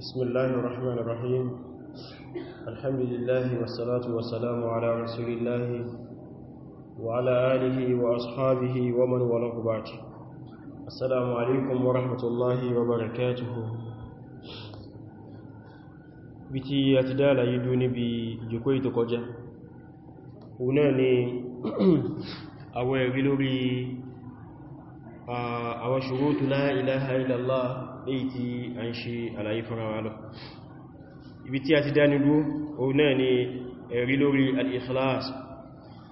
بسم الله الرحمن الرحيم الحمد لله والصلاة والسلام على رسول الله وعلى آله وأصحابه ومن وله بعد السلام عليكم ورحمة الله وبركاته بتي atidala yidu níbi jiko ito koja una ni àwọn ẹ̀rí lórí àwọn الله léyìí tí a ń ṣe àlàyé fúnra wa lọ ibi tí a ti dánilú òun náà ni ẹ̀rí lórí al-ikhlas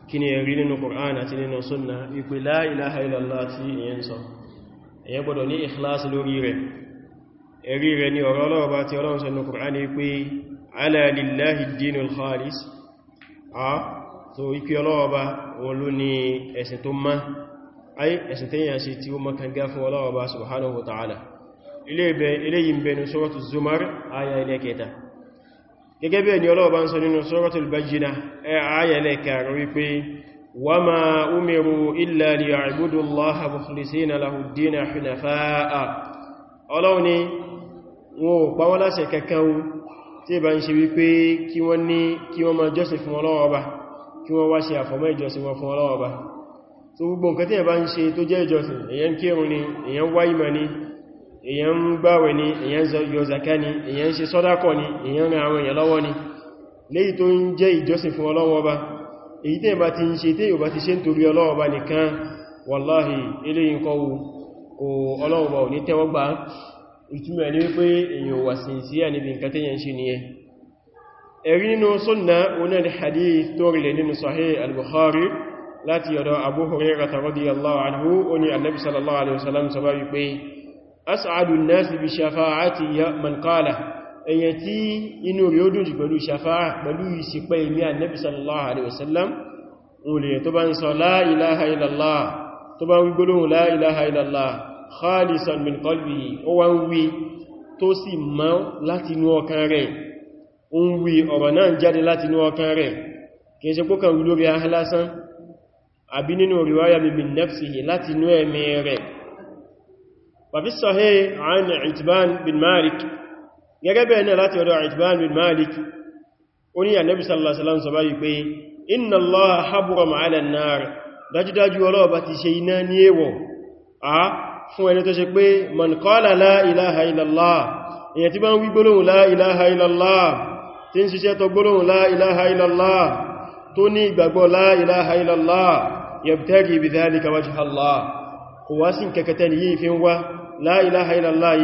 kí ni ẹ̀rí nínú Qur'an àti nínú sunna wípé la ilaha illallah tí èyàn sọ èyàn gbọdọ̀ ní ikhlas lórí rẹ̀ ẹ̀rí rẹ̀ ni ọ̀rọ̀ ọlọ́ọ̀bá tí ọlọ́run sọ nínú Qur'an ni pé ala eléyìí ń bẹnu suratul zumar aya ẹlẹ́kẹta gẹ́gẹ́ bẹ́ẹ̀ ni Ọlọ́run bá ń sọ nínú suratul bajina aya ẹlẹ́kẹrin wípé wa ma umiru illa liya'budu allaha mukhlisina lahu dina hunafa'a Ọlọ́run ni wọn ò pa wọ́n láṣẹ kankan tí bá ń ṣe wípé kí wọ́n gbogbo nǹkan tí ẹ bá ń ṣe tó jẹ́ ìjọsìn èyàn kírun ni èyàn wá ni èyàn ń gbáwẹ̀ ni èyàn yọ zaka ni èyàn ṣe sọ́dákọ̀ ni èyàn ran àwọn èyàn lọ́wọ́ ni léyìí tó ń jẹ́ ìjọsìn fún Ọlọ́run Ọba èyí tẹ́yìn bá ti ń ṣe tẹ́yìn bá ti ṣe ń torí Ọlọ́run Ọba nìkan wàláhì eléyìn kọ́ kò Ọlọ́run Ọba ò ní tẹ́wọ́gbà ìtumọ̀ ní wípé èyàn wà sincere níbi nǹkan tẹ́yàn ṣe as'adu an-nas bi shafa'ati ya man qala ẹ̀yẹn tí inú rẹ̀ ó dùn jù pẹ̀lú shafa'a pẹ̀lú ìṣìpẹ̀ ìmí annabi sallallahu alaihi wasallam olè tó bá ń sọ la ilaha illallah tó bá wí gbólóhùn la ilaha illallah khalisan min qalbihi ó wá ń wí tó sì mọ́ láti inú ọkàn rẹ̀ ó ń wí ọ̀rọ̀ àbí nínú riwaya min nafsihi láti inú ẹ̀mí rẹ̀ وفي الصحيح عن عتبان بن مالك يجبنا لا تدعو عتبان بن مالك أني النبي صلى الله عليه وسلم سبحانه إن الله حبرم على النار dájúdájú ọlọ́ọ̀bá ti ṣe iná ní èwọ̀ a fún ẹni tó ṣe pé man qala la ilaha illallah èyàn tí bá ń wí gbólóhùn la ilaha illallah tí ń ṣiṣẹ́ tó gbólóhùn la ilaha illallah tó ní ìgbàgbọ́ la ilaha illallah yabtaghi bi dhalika wajha Allah kò wá sí kẹkẹtẹ ni yìí fi ń wá la ilaha illallah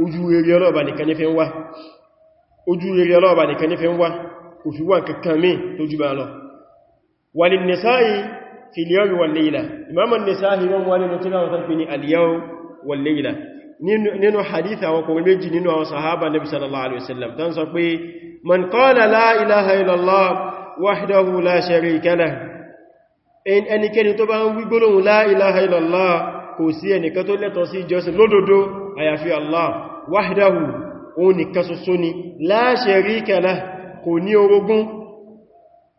ojú rere ọlọ́ọ̀bà nìkan ní fi ń wá ojú rere ọlọ́ọ̀bà nìkan ní fi ń wá kò fi wá kankan mí tó jù bá lọ wàlì nìsáyì fi liyawmi wal layla imam nìsáyì wọn wà nínú tíra wọn tàbí ní aliyawmi wal layla nínú hadith àwọn kòrò méjì nínú àwọn sahaba nabi sallallahu alaihi wasallam tán kò sí ẹnìkan tó lẹ́tọ̀ọ́ sí ìjọsìn lódodo àyàfi Allah wahdahu òun nìkan ṣoṣo ni la sharika lahu kò ní orogún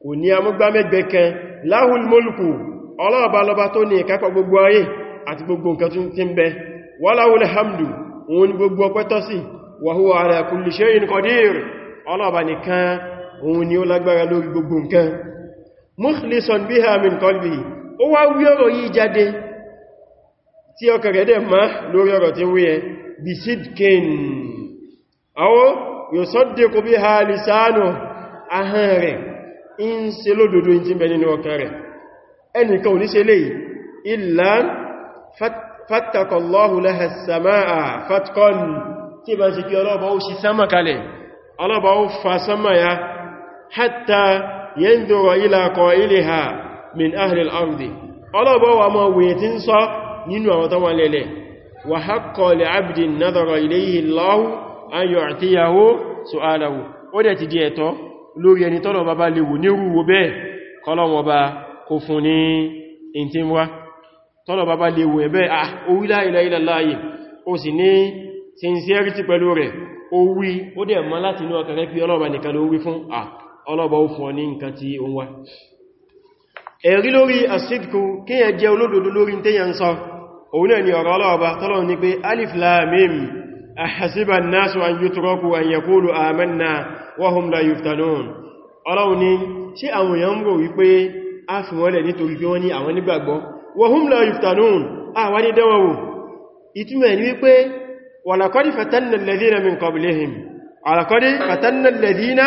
kò ní amúgbámẹ́gbẹ́ kan lahul mulku ọlọ́ọ̀bá lọba tó ní ìkápá gbogbo ayé àti gbogbo nǹkan tún ti ń bẹ walahul hamdu òun ni gbogbo ọpẹ́ tọ́ sí wa huwa ala kulli shay'in qadir ọlọ́ọ̀bá ó wá wí ọ̀rọ̀ yìí jáde tí ọkàn rẹ̀ dẹ̀ má lórí ọ̀rọ̀ tí wúyẹ bí sídkín àwọ́ yóò sọ́dẹ̀ kò bí ha lìsánù ahán rẹ̀ in ṣe lódòdó in ti bẹ nínú ọkàn rẹ̀ ẹnìkan ní ṣe lè ìlà fàtàkọ̀lọ́hù lẹ́hẹ̀sàmáà fàtkọ́n tí bá ṣe kí ọlọ́bà ó ṣi sámà kalẹ̀ ọlọ́bà ó fa sámà nínú àwọn tó wà lẹ́lẹ̀ wa haqqa li 'abdin nadhara ilayhi Allahu an yu'tiyahu su'alahu ó dẹ̀ ti di ẹ̀tọ́ lórí ẹni tọ́lọ̀ bàbá lè wò nírú wo bẹ́ẹ̀ kọlọ̀wọ̀ bá kò fún ní ìntínwá tọ́lọ̀ bàbá lè wò ẹ̀bẹ́ à ah, orí la ilaha illallah ó sì ní sincerity pẹ̀lú rẹ̀ ó wí ó dẹ̀ mọ́ láti inú ọkàrẹ́ pí ọlọ́ọ̀bá nìkan ló wí fún à ah, ọlọ́ọ̀bá ẹ̀rí lórí àsìkò kíyàn jẹ́ olódodo lórí tẹ́yàn sọ òun náà ni ọ̀rọ̀ ọlọ́ọ̀bá tọ́lọ̀ ní pé alif lam mim ahasiba an-nasu an yutraku an yaqulu amanna wa hum la yuftanun ọlọ́run ni ṣé àwọn èèyàn rò wípé a fi wọ́n lẹ̀ nítorí pé wọ́n ní àwọn nígbàgbọ́ wa hum la yuftanun a wá ní dánwò ìtumọ̀ ni wípé walaqad fatanna alladhina min qablihim walaqad fatanna alladhina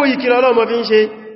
yìí kí lọ́lọ́mọ fi ń ṣe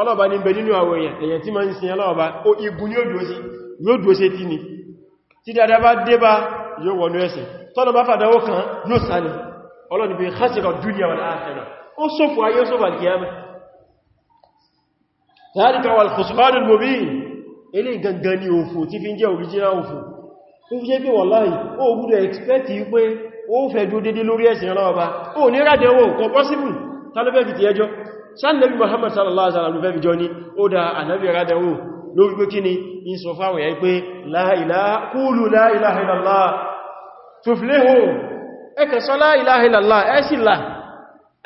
ọlọ́ọ̀bá ní bẹ nínú àwọn èèyàn èèyàn tí ma ń sin ọlọ́ọ̀bá ó igun ní yóò dúó sí tí ni tí dáadáa bá dé bá yóò wọnú ẹ̀sìn tọ́nà bá fàdánwò kan yóò sálẹ̀ ọlọ́ni bí khasira dunya wal akhirah ó sófò ayé sófò alkiyama tí original òfò ó fi jẹ́ pé wallahi ó gúdọ̀ expect pé ó fẹ́ dúó dédé lórí ẹ̀sìn ọlọ́ọ̀bá ó ní rádẹ̀wò kọ̀ possible tálọ́bẹ̀ fi ti ẹjọ́ sáàlẹ̀bí Muhammad sallallahu alaihi wasallam fẹ́bí jọ ní ó dá ànábì rádẹ̀wò lórí pé kí ni in sọ fáwọn ya pé la ilaha qulu la ilaha illallah tuflihu ẹkẹ̀ sọ la ilaha illallah ẹ́sìlá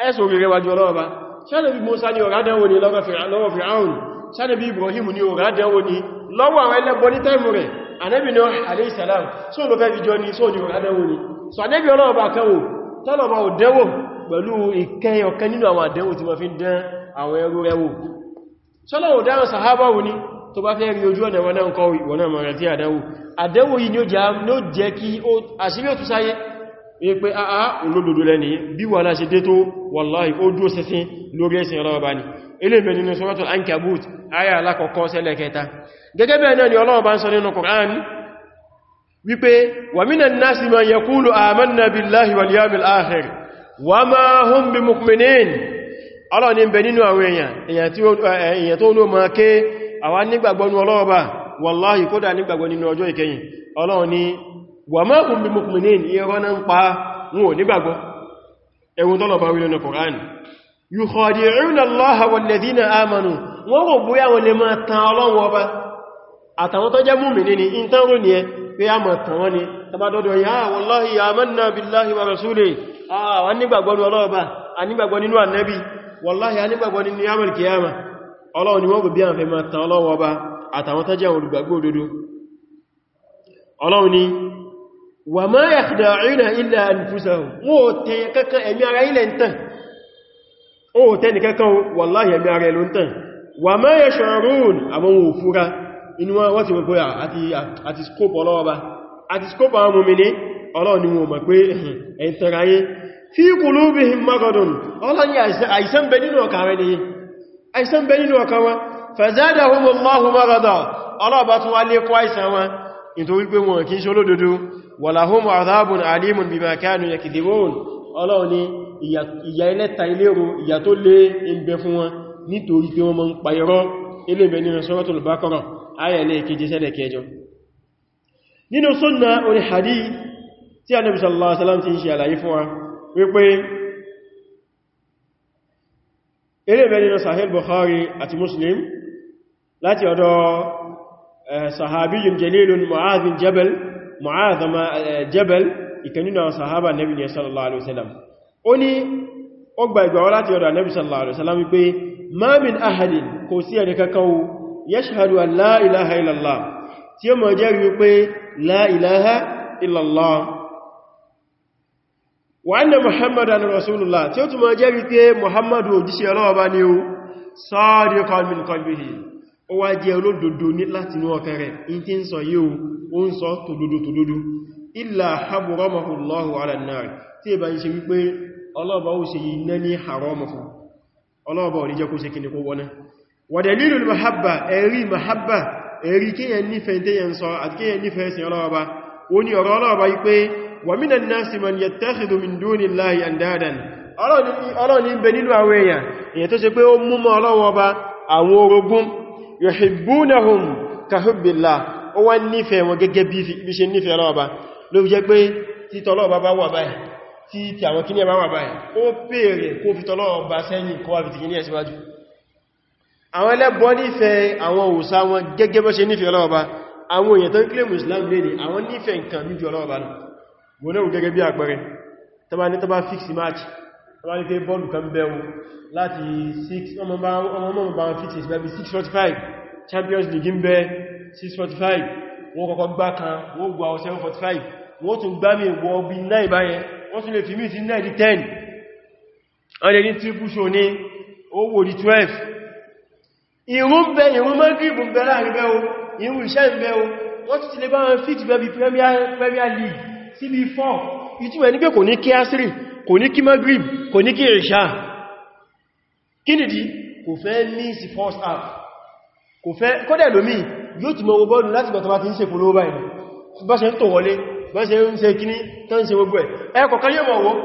ẹ́sọ orí rẹwàjú ọlọ́ọ̀bá sáàlẹ̀bí Musa ni ọ̀rádẹ̀wò ni lọ́wọ́ Fir'aun sáàlẹ̀bí Ibrahim ni ọ̀rádẹ̀wò ni lọ́wọ́ àwọn ẹlẹ́bọ ní tẹ́mù rẹ̀ ànábì Nuh alayhi salam sóòlò fẹ́ fi jọ ní sóòlò ọ̀rádẹ̀wò ni sọ ànábì ọlọ́ọ̀bá pẹ̀lú ìkẹyìn ọ̀kan nínú àwọn àdẹ́wò tí wọ́n fi dán àwọn ẹrú rẹ̀ wò ṣọ́lọ́wọ̀ dáhùn sàhábà wù ní tó bá fẹ́ rí ojú ọ̀nà wọn náà kọ́ ìwọ̀n náà mọ̀rẹ̀ tí àdẹ́wò àdẹ́wò yìí ni ó jẹ́ kí àṣírí òtú sáyé wí pé àá olódodo lẹ́ni bí wà láṣe dé tó wàláhì ó dúó sẹsìn lórí ẹ̀sìn ọlọ́wọ́ bá ní ilé ìbẹ̀ nínú suratul Ankabut ayà alákọ̀ọ́kọ́ sẹ́lẹ̀ kẹta gẹ́gẹ́ bẹ́ẹ̀ náà ni Ọlọ́run bá ń sọ nínú Qur'an wípé wa minan nasi man yaqulu amanna billahi wal yawmil akhir wama hum bi mukminin ọlọ́ ni bẹ nínú àwọn èèyàn èèyàn tó ló ma ké wallahi kódà nígbàgbọ́ nínú ọjọ́ ìkẹyìn ọlọ́ ni wama hum bi na ń pa wọn ò nígbàgbọ́ ẹwùn tọ́lọ̀bá wílẹ̀ ní Qur'an yukhadi'una Allaha walladhina amanu wọ́n ya bóyá wọn lè tan a ma tàbádọ́dọ̀ yá wallahi amanna billahi wa rasulihi àwọn nígbàgbọ́ ní ọlọ́ọ̀bá a nígbàgbọ́ nínú annabi wallahi a nígbàgbọ́ nínú yamar kiyama ọlọ́run ni wọ́n gbogbo àwọn fẹ́mà tàn ọlọ́wọ́ ọba àtàwọn tó wọ́n ti wọ́n pẹ́ àti scope ọlọ́wọ́ àti skópa àwọn mọ̀mí ní ọlọ́run ni wọ́n mọ̀ pé ẹ̀yìn tẹ́ra yí fi qulubihim maradun ọlọ́run àìsàn bẹ nínú ọkàn rẹ̀ ni àìsàn bẹ nínú ọkàn wọn fazadahumullahu maradan ọlọ́ọ̀bá tún ìyà ẹlẹ́ta ilérò ìyà tó lé ń fún wọn nítorí pé wọ́n mọ́ ń pa ilé ìbẹ̀ nínú suratul Baqarah ayẹ̀lẹ́ ìkeje sẹ́lẹ̀ nínú súnnà orí hadith tí a nàbí sallallahu alaihi wasallam ti ń ṣe àlàyé fún wa wípé erébẹ̀ nínú sahih bukhari àti muslim láti ọ̀dọ̀ eh, sahabiyun jalilun mu'adhin jabal mu'adhama eh, jabal ìkanúnà sahaba nabi ne sallallahu alaihi wasallam ó ní ó gba ìgbàwọ́ láti ọ̀dọ̀ nabi sallallahu alaihi wasallam wípé ma min ahadin kò sí ẹni kankan yashhadu an la ilaha illallah tí ó mọ̀ jẹ́rìí wípé la ilaha illallah wa anna muhammadan rasulullah tí ó tún máa jẹ́rìí pé muhammadu òjíṣẹ́ Ọlọ́run bá ní o sadiqan min qalbihi ó wá jẹ́ olódodo ní láti inú ọkàn rẹ̀ in tí ń sọ yíò ó ń sọ tòdodo tòdodo illa haramahu Allahu ala an-nar tí ìbá yí ṣe wípé ọlọ́ọ̀bá ó èrí kíyàn nífẹ̀ẹ́ tẹ́yàn sọ àti kíyàn nífẹ̀ẹ́ sí ọlọ́ọba ó ní ọ̀rọ̀ ọlọ́ọba yí pé wa minan nasi man yattakhidhu min dunillahi andadan ọlọ́ni bẹ nínú àwọn èèyàn èyàn tó ṣe pé ó mú mọ́ ọlọ́ọba àwọn orogún yuhibbunahum ka hubbillah ó wá nífẹ̀ẹ́ wọn gẹ́gẹ́ bí ṣe nífẹ̀ẹ́ ọlọ́ọba ló wà báyìí tí tí àwọn kíní ẹ̀ bá àwọn ẹlẹ́bọ́ nífẹ̀ẹ́ àwọn òòsà wọn gẹ́gẹ́ bọ́ ṣe nífẹ̀ẹ́ ọlọ́ọ̀bá àwọn èèyàn tó ń kílèmù Islam lè ní àwọn nífẹ̀ẹ́ nǹkan ní ju ọlọ́ọ̀bá náà wọ́n náà gẹ́gẹ́ bí àpẹẹrẹ tó bá ní tó bá fix match tó bá ní pé bọ́ọ̀lù kan bẹ̀rù láti 6 ọmọ mọ́ bá fix is bẹ́bí 645 Champions League ń bẹ 645 wọ́n kọ́kọ́ gbá kan wọ́n gbà 745 wọ́n tún gbá mi wọ́ bí 9 báyẹn wọ́n tún lè fi mí sí 9 10 ọdẹ ní triple show ní owó di 12 ìrún bẹ ìrún mọ́gírìbù bẹ láàrin bẹ́ o ìrún iṣẹ́ ń bẹ o wọ́n ti ti lè bá wọn fíìtì bẹ́ bí Premier League sí bí 4 ìtúwẹ̀ ní pé kò ní kí asiri kò ní kí mọ́gírìbù kò ní kí ìṣà kí nìdí kò fẹ́ ní sí first half kò fẹ́ kọ́dẹ̀ lómi yóò ti mọ́ bọ́ọ̀lù láti gbọ́tọ̀ bá ti ń ṣe polówó báyìí bá ṣe ń tò wọlé bá ṣe ń ṣe kíní tán ṣe gbogbo ẹ̀ ẹ̀kọ̀kan yóò mọ̀ wọ́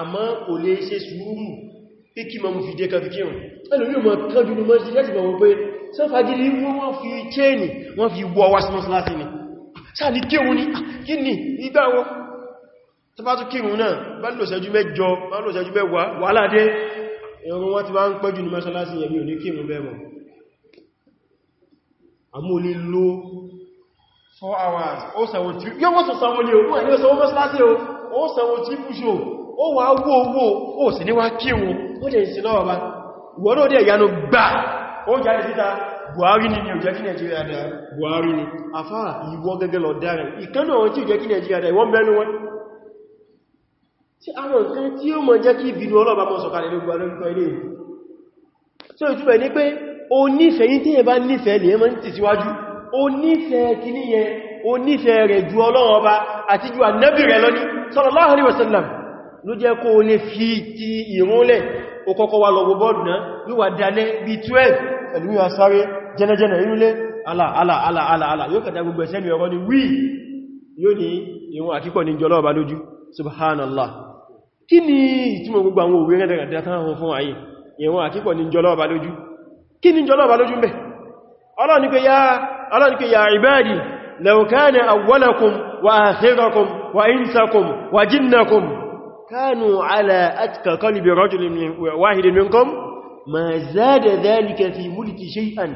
àmọ́ kò lè ṣe pé kí mọ́ fi jẹ́ kàfikíun ẹlòmí o mọ̀ kánjú ní mọ́sí láti bọ̀ wọ́pẹ́ sọ fàdílé wọ́n fi chéènì wọ́n fi wọ́ wá sí mọ́sílásí ni sáàdì kéhun ni ah, kí ni ìgbà wọ́n tó bá tó kéhun náà bá lò ṣẹ́jú mẹ́jọ bá lò ṣẹ́jú mẹ́wàá wàhálà dé ẹ̀rùn wọ́n ti bá ń pẹ́jù ní mọ́sílásí yẹ̀mí ò ní kéhun bẹ́ẹ̀ mọ́ àmú ní ló 4 hours ó sàwọn tí yóò wọ́n tó sàwọn ní òkú ẹ̀ ní ó sàwọn mọ́sílásí ó sàwọn tí fúṣò ó wà wó owó ó sì níwá kéhun ó jẹ́ ìsìn lọ́wọ́ bá wọ́n ló ni ni ò jẹ́ kí ni afá ìwọ gẹ́gẹ́ lọ dára ìkánà wọn tí ò jẹ́ kí Nàìjíríà dá ìwọ́n mẹ́nu wọn tí àwọn nǹkan tí ó mọ jẹ́ kí ìbínú ọlọ́ọ̀bá mọ́ sọ̀kalẹ̀ yẹn o rẹ̀ ju Ọlọ́run ọba àti ju ànábì rẹ̀ lọ ní sallallahu alaihi wasallam ló jẹ́ kó o lè fi ti ìrúnlẹ̀ ó kọ́kọ́ wá lọ wo bọ́ọ̀lù náà wíwà dalẹ́ bí 12 ẹ̀lú wíwà sáré jẹ́nẹ́jẹ́nẹ́ irúlé alàalàalàalà yóò kẹta gbogbo ẹ̀sẹ́ mi ọ̀rọ̀ ni wí yóò ní ìwọ̀n àkíkọ̀ ní jọlọ́ ọba lójú subhanallah كانوا على أتقى قلب رجل من واحد منكم ما زاد ذلك في ملك شيئا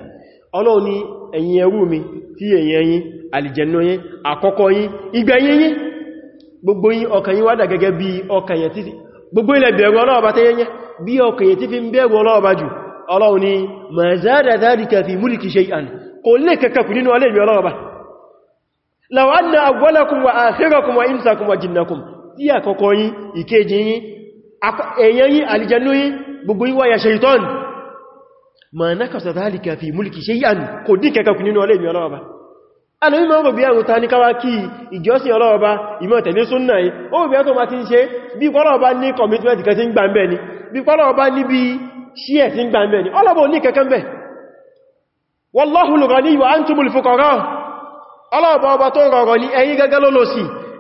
ọlọ́run ni ẹ̀yin ẹrú mi tí ẹ̀yin ẹ̀yin àlìjẹ̀nà yín àkọ́kọ́ yín ìgbẹ̀yìn yín gbogbo yín ọkàn yín wádà gẹ́gẹ́ bí ọkàn yẹn títí gbogbo ilẹ̀ bẹ̀rù ọlọ́ọ̀bá tẹ́yẹnyẹ bí ọkàn yẹn tí fi ń bẹ̀rù ọlọ́ọ̀bá jù ọlọ́run ni ma zada dhalika fi mulki shay'an kò lè kẹ́kẹ́kù nínú ọlẹ́ tí àkọ́kọ́ yín ìkejì yín èyàn yín àlìjẹnú yín gbogbo yín ṣeìtọ́n ma na kasa zalika fi mulki shay'an kò dín kẹkẹkù nínú ọlẹ́ ìmì ọlọ́ọba alẹ́mí ma ń rọ̀bí àwọn ta ní káwà kí ìjọsìn ọlọ́ọba ìmọ̀ tẹ̀lé súnnà yìí ó rọ̀bí àtọ́ ma ti ń ṣe bí ti ọba tó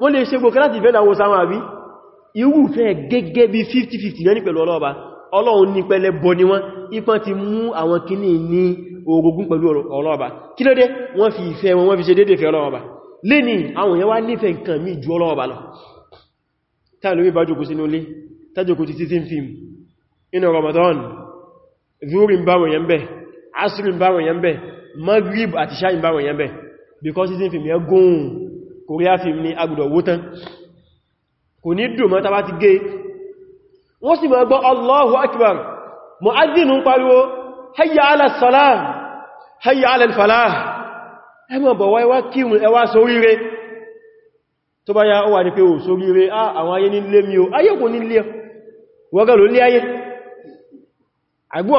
wọ́n lè ṣe gbogbo láti fẹ́ láwọ́ sáwọn àbí irú fẹ́ gẹ́gẹ́ bí 50-50 náà ní pẹ̀lú ọlọ́ọ̀bá ọlọ́run ní pẹ̀lẹ́ bọ ni wọ́n ipọ́n ti mú àwọn kìíní ní orogún pẹ̀lú ọlọ́ọ̀bá kí ló dé wọ́n fi ìfẹ́ wọn wọ́n fi ṣe dédé fẹ́ ọlọ́ọ̀bá lè ní àwọn èèyàn wá nífẹ̀ẹ́ nǹkan mí ju ọlọ́ọ̀bá lọ táàlùmí bá jòkó sínú ilé tájòkó ti títí fíìmù inú Ramadan zuri ń báwọn èèyàn bẹ̀ asiri ń báwọn èèyàn bẹ̀ magrib àti ṣáì ń báwọn èèyàn bẹ̀ because títí fíìmù yẹ gùn korea film ní agbùdọ̀ wó tán kò ní dùn mọ́ tàbá ti gé wọ́n sì máa gbọ́ allahu akbar mu'adhdhin ń pariwo hayya ala salah hayya ala falah ẹmọ bọ̀ wáyé wá kíhùn ẹwà sóríire tó bá ya ó wà ní pé ò sóríire ah, àwọn ayé ní lé mi o ayé kò ní lé wọ́gá ayé àwọn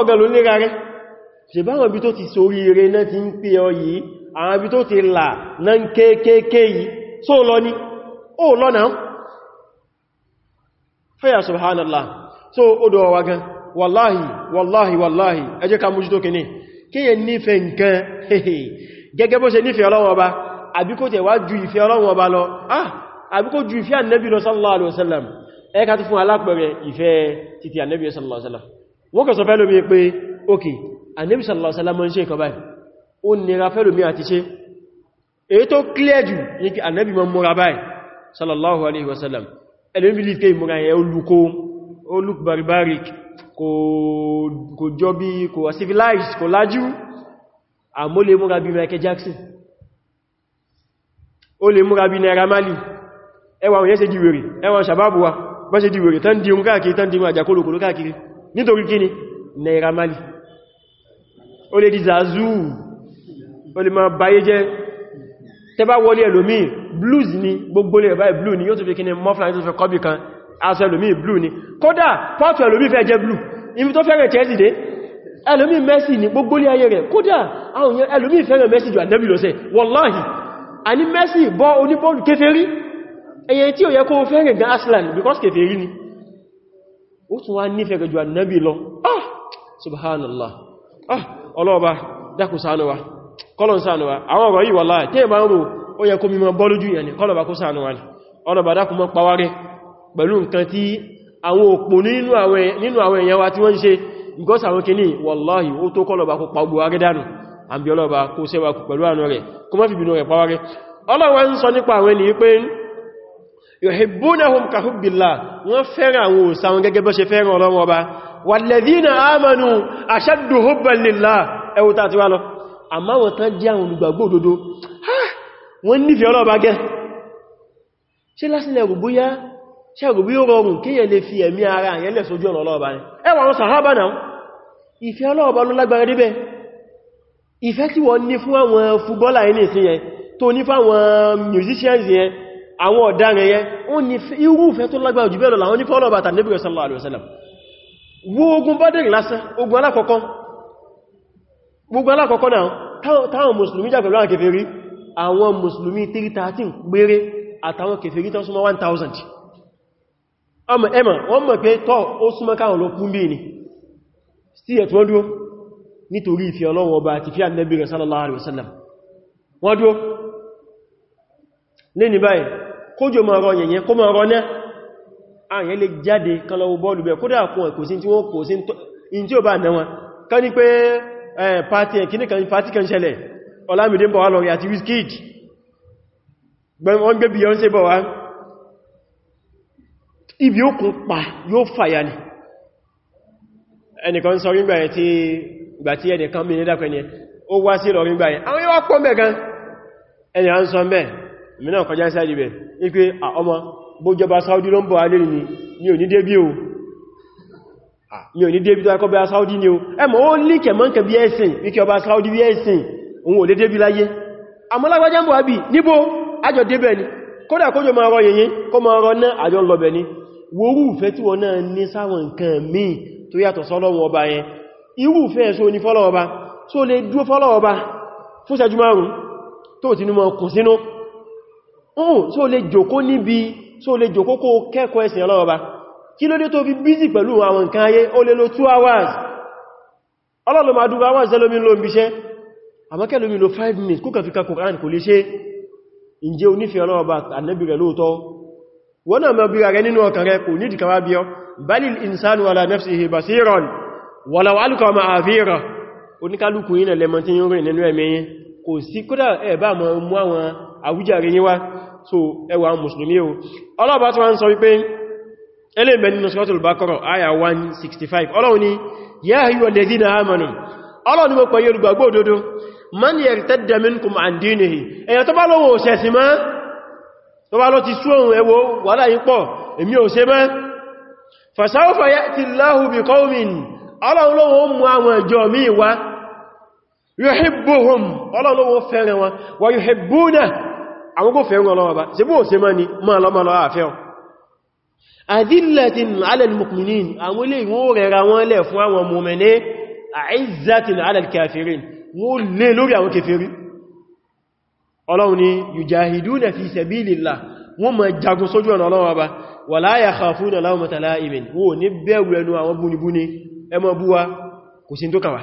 ibi ti là náà kéèkéé só lọ ní ó lọ́nà fẹ́yà subhanallah so ó dọ̀ wa gan wallahi wallahi wallahi ẹ jẹ́ ká mújútó kìíní kíyẹ nífẹ́ nǹkan gẹ́gẹ́ bó ṣe nífẹ́ Ọlọ́run Ọba àbí kó tẹ̀ wá ju ìfẹ́ Ọlọ́run Ọba lọ ah àbí kó ju ìfẹ́ Ànábì lọ sallallahu alaihi wasallam ẹ ká tó fún alápẹ̀rẹ̀ ìfẹ́ títí Ànábì sallallahu alaihi wasallam wọ́n kẹ́ sọ èyí tó clear jù ní kí annabi ma múra báyìí sallallahu alaihi wasallam ẹlẹ́mí bí lífẹ́ ìmúra yẹ olùkó olùk barbaric kò jọ bí kò wà civilized kò lájú àmọ́ lè múra bí Michael Jackson ó lè múra bí Naira Marley ẹwà òyẹ́ ṣe di wèrè ẹwà sàbábù wa bá ṣe di wèrè tán di ohun káàkiri tán di ohun àjàkólòkòlò tẹba wọlé ẹlòmí blues ni gbogbo lè báyìí blue ni yóò tó fi kí ni mọ́fìlà tó fẹ́ kọ́bì kan aṣọ ẹlòmí blue ni kódà pọ́ọ̀tù ẹlòmí fẹ́ jẹ́ blue ibi tó fẹ́rẹ̀ Chelsea dé ẹlòmí mercy ni gbogbo lé ayé rẹ̀ kódà àwọn ẹlòmí fẹ́rẹ̀ mercy ju ànẹ́bì lọ́sẹ̀ wallahi àní Messi bọ́ oníbọ́ọ̀lù kèfèrí ẹ̀yẹ tí ó yẹ kó fẹ́rẹ̀ gan aslan because kèfèrí ni ó tún wá nífẹ̀ẹ́ ju ànẹ́bì lọ ah subhanallah ah ọlọ́ọ̀bá dákùsánúwa kọlọ̀n sànúwà àwọn ọ̀rọ̀ yìí wàláhì tí ìbá ń rò ó yẹ kó mímọ̀ bọ́ lójú ìyẹn ni kọlọ̀bà kó sànúwà ní ọlọ̀bà dákùn mọ́ pàwárẹ́ pẹ̀lú nǹkan tí àwọn òpó nínú àwọn èèyàn wa tí wọ́n ń ṣe because àwọn kìíní wàláhì ó tó kọlọ̀bà kó pa gbogbo dànù àbí ọlọ́bà kó sẹ́wà kù pẹ̀lú àánú rẹ̀ kó má fi bínú rẹ̀ pàwárẹ́ ọlọ́wà ń sọ wọ́n fẹ́ràn àwọn òsà wá lọ àmáwọn tán jẹ́ àwọn olùgbàgbọ́ òdodo wọ́n nífẹ̀ẹ́ ọlọ́ọ̀bá gẹ́ ṣe lásìlẹ̀ ògbóyá ṣe àgbòbí ó rọrùn kíyẹ lè fi ẹ̀mí ara àyẹ́ lẹ̀ sójú ọ̀nà ọlọ́ọ̀bá ni ẹwà àwọn sàhábà náà ìfẹ́ ọlọ́ọ̀bá ló lágbára débẹ̀ ìfẹ́ tí wọ́n ní fún àwọn fúbọ́là yìí nìsín yẹn tó ní fáwọn musicians yẹn àwọn ọ̀daràn yẹn ó ní irú ìfẹ́ tó lágbára jù bẹ́ẹ̀ lọ làwọn ní fọ́lọ́ọ̀bá tàbí sallallahu alaihi wasallam wo ogun Badr lásán ogun alákọ̀ọ́kọ́ gbogbo alákọ̀ọ́kọ́ náà táwọn musulmi jà pẹ̀lú àwọn kèfèrí àwọn musulmi 313 gbére àtàwọn kèfèrí tó súnmọ́ 1000 ọmọ ẹmà wọ́n mọ̀ pé tọ́ ó súnmọ́ káwọn ló kún bí ní sí ẹ̀tù wọ́n ati nítorí ìfẹ́ Ọlọ́run ọba àti fí wasallam Eh, pàtí ẹ̀kíníkan pàtí kan ṣẹlẹ̀ Ọlámídé ń bọ̀ wá lọ́rin àti Wizkid wọ́n gbé Beyoncé bọ̀ wá ibi ó kún pa yóò fàyà ni ẹnìkan sọ rígbà ẹ̀ tí ìgbà tí ẹnìkan mi nídàkọ̀ ẹni ó wá sí lọ rígbà ẹ̀ àwọn yóò pọ̀ mẹ́ gan ẹni à ń Ah. mi ò ní débi tó ẹkọ́ bí a Saudi ni o ẹmọ̀ ó líkẹ̀ mọ́ǹkẹ̀ bí ẹ̀sìn wíkẹ́ ọba Saudi bí ẹ̀sìn òun ò lè débi láyé àmọ́lágbájá ń bọ̀ àbí níbo àjọ débẹ̀ ni kódà kójọ máa rọ yìnyìn kó máa rọ náà àjọ lọ́bẹ̀ ni wòrú ìfẹ́ tí wọ́n náà ní sáwọn nǹkan míì tó yàtọ̀ sọ́lọ́wọ́ ọba yẹn irú ìfẹ́ ẹ̀ṣọ́ ní fọ́lọ́ọba tó lè dúró fọ́lọ́ọba fún ṣẹ́jú márùn tó ti númọ̀ kùn sínú ohun tó lè jòkó níbi tó lè kí ló dé tó fi bízì pẹ̀lú àwọn nǹkan ayé ó lè lo 2 hours ọlọ́lọ́ ma dúbà hours ẹlòmí ló ń bíṣẹ́ àmọ́kẹ́ lómi lo 5 minutes kúkà fi ka Kùránì kò lè ṣe ìjẹ́ onífẹ́ ọlọ́ọ̀bá ànẹ́bì rẹ̀ lóòtọ́ wọ́n náà mọ́ bí rẹ̀ nínú ọkàn rẹ̀ kò nídìí wa so ẹwà mùsùlùmí o ọlọ́ọ̀bá tó wá ẹlẹ́bẹ̀ nínú sọ́tùl bákọ́rọ̀ àyà 165 ọlọ́run ni yá ayyuhal ladhina amanu ọlọ́run mọ́ pẹ̀lú olùgbàgbọ́ òdodo man yartadda minkum an dinihi èyàn tó bá lọ́wọ́ òṣẹ̀sì mọ́ tó bá lọ ti súnrùn ẹwọ wàlá yí pọ̀ èmi ò ṣe mọ́ fa sawfa ya'ti Allahu bi qawmin ọlọ́run lọ́wọ́ mú àwọn ìjọ míì wá yuhibbuhum ọlọ́run lọ́wọ́ fẹ́ràn wọn wa yuhibbuna àwọn kò fẹ́ràn ọlọ́wọ́ bá ṣe adílẹ̀tìn alẹ́lmùkminin àwọn ilé ìwọ̀n rẹ̀ra wọn lẹ̀ fún àwọn mọ̀mẹ̀lẹ́ àìzàtìn alẹ́lkẹfẹ́rin wọ́n lè lórí àwọn kẹfẹ́rí ọlọ́run ni yujahiduna fi sabilillah wọ́n ma jagun sójú ọ̀nà ọlọ́run ọba wala yakhafuna lawmata la'imin wọ́n ní bẹ̀rù ẹnu àwọn búnibúni ẹmọ búwa 54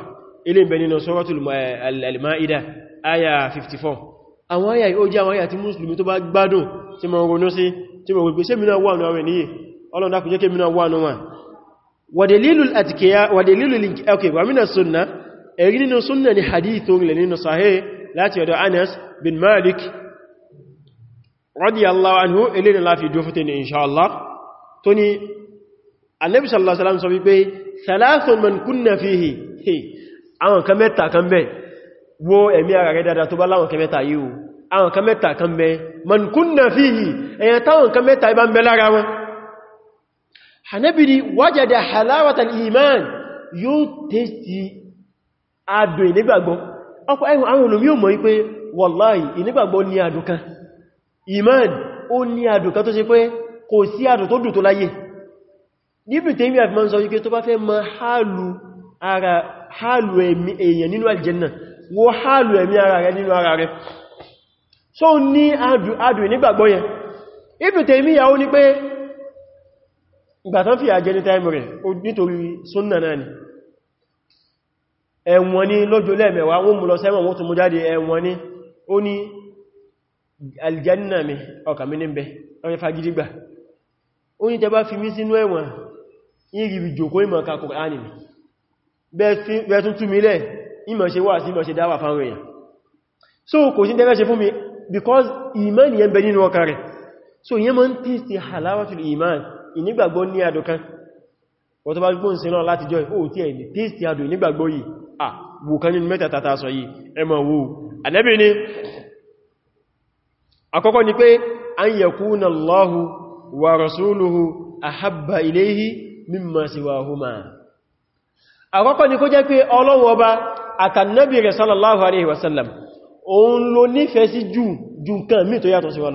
àwọn aya yìí ó jẹ́ àwọn aya tí mùsùlùmí tó bá gbádùn tí ma ronú sí tí ma wà náà rẹ̀ níyìí ọlọ́run dákun jẹ́ kémi náà wà náà wàdẹ̀lílùl àtìkẹyà wàdẹ̀lílùl okay wà mínà súnnà ẹ̀rí nínú súnnà ni hadith orin lẹ̀ nínú sahih láti ọ̀dọ̀ Anas bin Malik radiyallahu anhu eléyìn láfi dófútẹ́ ni inṣáàlá tó ni fihi àwọn kan mẹ́ta wo ẹ̀mí ara rẹ̀ dada tó bá láwọn kan yíò àwọn kan mẹ́ta kan bẹ man kunna táwọn kan ibá ń bẹ lára wọn hanabini wajada halawata al-iman yóò tẹ́sì adùn ìnígbàgbọ́ ọkọ̀ ẹ̀hùn àwọn olùmí ò mọ̀ wípé wallahi ìnígbàgbọ́ ní adùn kan iman ó ní adùn kan tó ṣe pé kò sí adùn tó dùn tó láyé níbi tẹ́mí àfimọ́ sọ tó bá fẹ́ mọ̀ hálù ara hálù ẹ̀mí èèyàn nínú aljanna wo hálù ẹ̀mí ara rẹ nínú ara rẹ so ní adùn ìnígbàgbọ́ yẹn ibi tẹ́mí yà ó ní pé ìgbàtán fi àjẹ́ ní táìmù rẹ̀ nítorí súnnà náà ni ẹ̀wọ̀n ní lọ́jọ́ lẹ́mẹ̀wàá wọ́n mú lọ sẹ́wọ̀n wọ́n tún mú jáde ẹ̀wọ̀n ní ó ní aljanna mi ọkà mi ní bẹ̀ ọmọ fagidigba ó ní tẹbá fi mí sínú ẹ̀wọ̀n ìrìbì so kò because iman yẹn bẹ nínú ọkà rẹ̀ so yẹn mọ́ tí sí halawatul iman ìnígbàgbọ́ ní adùn kan wọ́n tó bá gbọ́n sí náà láti jọ ìfò tí ẹ̀ tẹ́sì adùn ìnígbàgbọ́ yìí à wò kan nínú mẹ́ta tàtà sọ yìí ẹmọ̀ wò Ànábì ni àkọ́kọ́ ni pé an yakuna Allahu wa rasuluhu ahabba ilayhi mimma siwahuma àkọ́kọ́ ni kó jẹ́ pé Ọlọ́hun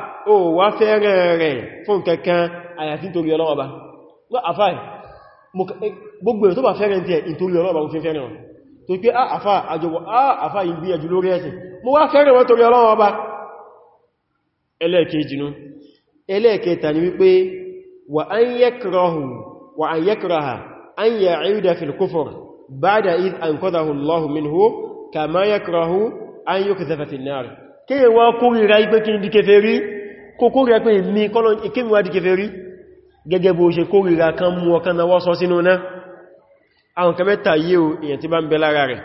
ó wá fẹ́rẹ̀ rẹ̀ fún kankan àyàfi torí Ọlọ́run Ọba àfáì gbogbo ẹ̀ tó bá fẹ́rẹ̀ tí ẹ̀ ìtorí Ọlọ́run Ọba òfin fẹ́rẹ̀ wọn tó pé ah, àfá àjọwọ̀ ah, àfá ìgbìyànjú lórí ẹ̀sìn mo wá fẹ́rẹ̀ wọn torí Ọlọ́run kí wọ́n kúrì ra ipé kí ní kẹfẹ́ rí kó kórìíra pé mi kọ́lọ̀ ìkémiwádìí kèfèrí gẹ́gẹ́ bó ṣe kórìíra kan mú ọkàn náwọ́ sọ sínú náà àwọn kẹmẹ́ta yíò èyàn tí bá ń bẹ lára rẹ̀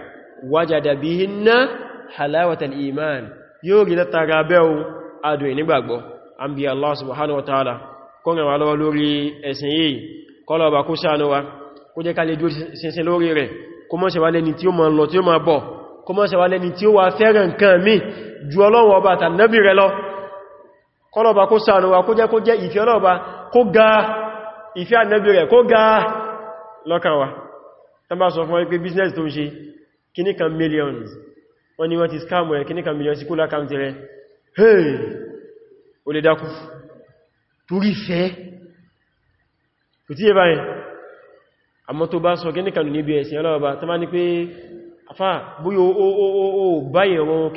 wájádà bihinna halawatal iman yóò rí látara bẹ́ẹ̀ adùn ìnígbàgbọ́ an bí Allah subhanahu wa ta'ala kọ́nà wà lọ́wọ́ wa kó jẹ́ ká lè dúró ṣinṣin lórí rẹ̀ kó mọ́ ṣe wá lẹ́ni tí ó máa lọ tí ó máa bọ̀ ju Ọlọ́run ọba tàbí rẹ̀ lọ kọlọ̀bà kó sàánúwà kó jẹ́ kó jẹ́ ìfẹ́ ọlọ́ọ̀bà kó ga ìfẹ́ ànẹ́bì rẹ̀ kó ga lọ́kànwà tán bá sọ fún ẹgbẹ́ business tó ń ṣe kíníkan millions wọ́n ni wọ́n ti scam rẹ̀ kíníkan millions kó lákàntì rẹ̀ hey o lè dákú torí fẹ́ kò tí yẹ báyìí àmọ́ tó bá sọ kíníkan níbi ẹ̀sìn ọlọ́ọ̀bà tán bá ní pé afá bóyá ó báyìí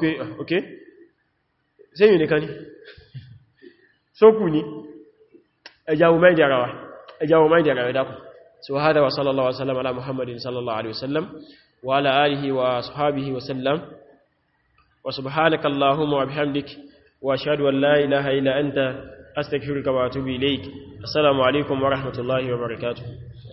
pé okay sẹ́yìn nìkan ní sókù ní ẹjáwó mẹ́dì ara dákù ẹjáwó mẹ́dì ara so hada wa sallallahu ala'uwa ala muhammadin sallallahu alaihi wasallam wa ala alihi wa sahabihi wasallam wa subhanaka allahumma wa bihamdik wa ashhadu an la ilaha illa anta astaghfiruka wa atubu ilaik assalamu alaikum wa rahmatullahi wa barakatuh